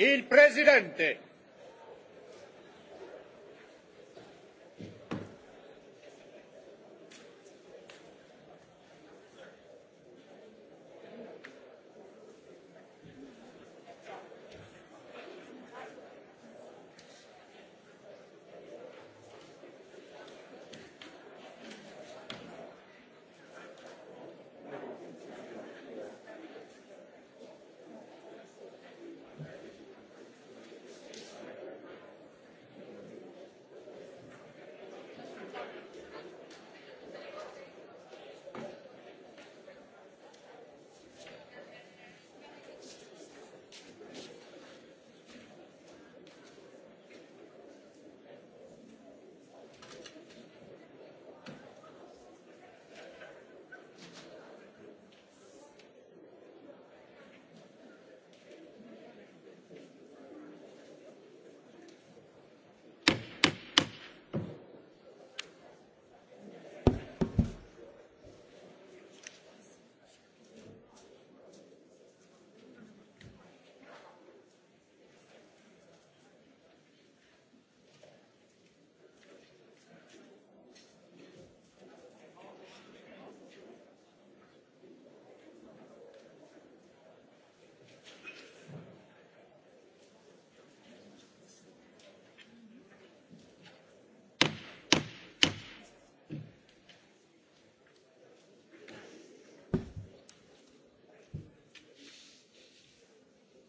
Il Presidente.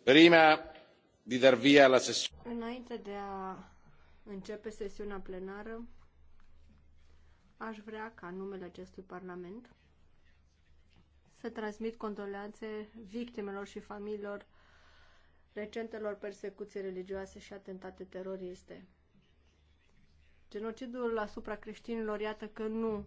înainte de a începe sesiunea plenară aș vrea ca numele acestui parlament să transmit condoleanțe victimelor și familiilor recentelor persecuții religioase și atentate teroriste. Genocidul asupra creștinilor, iată că nu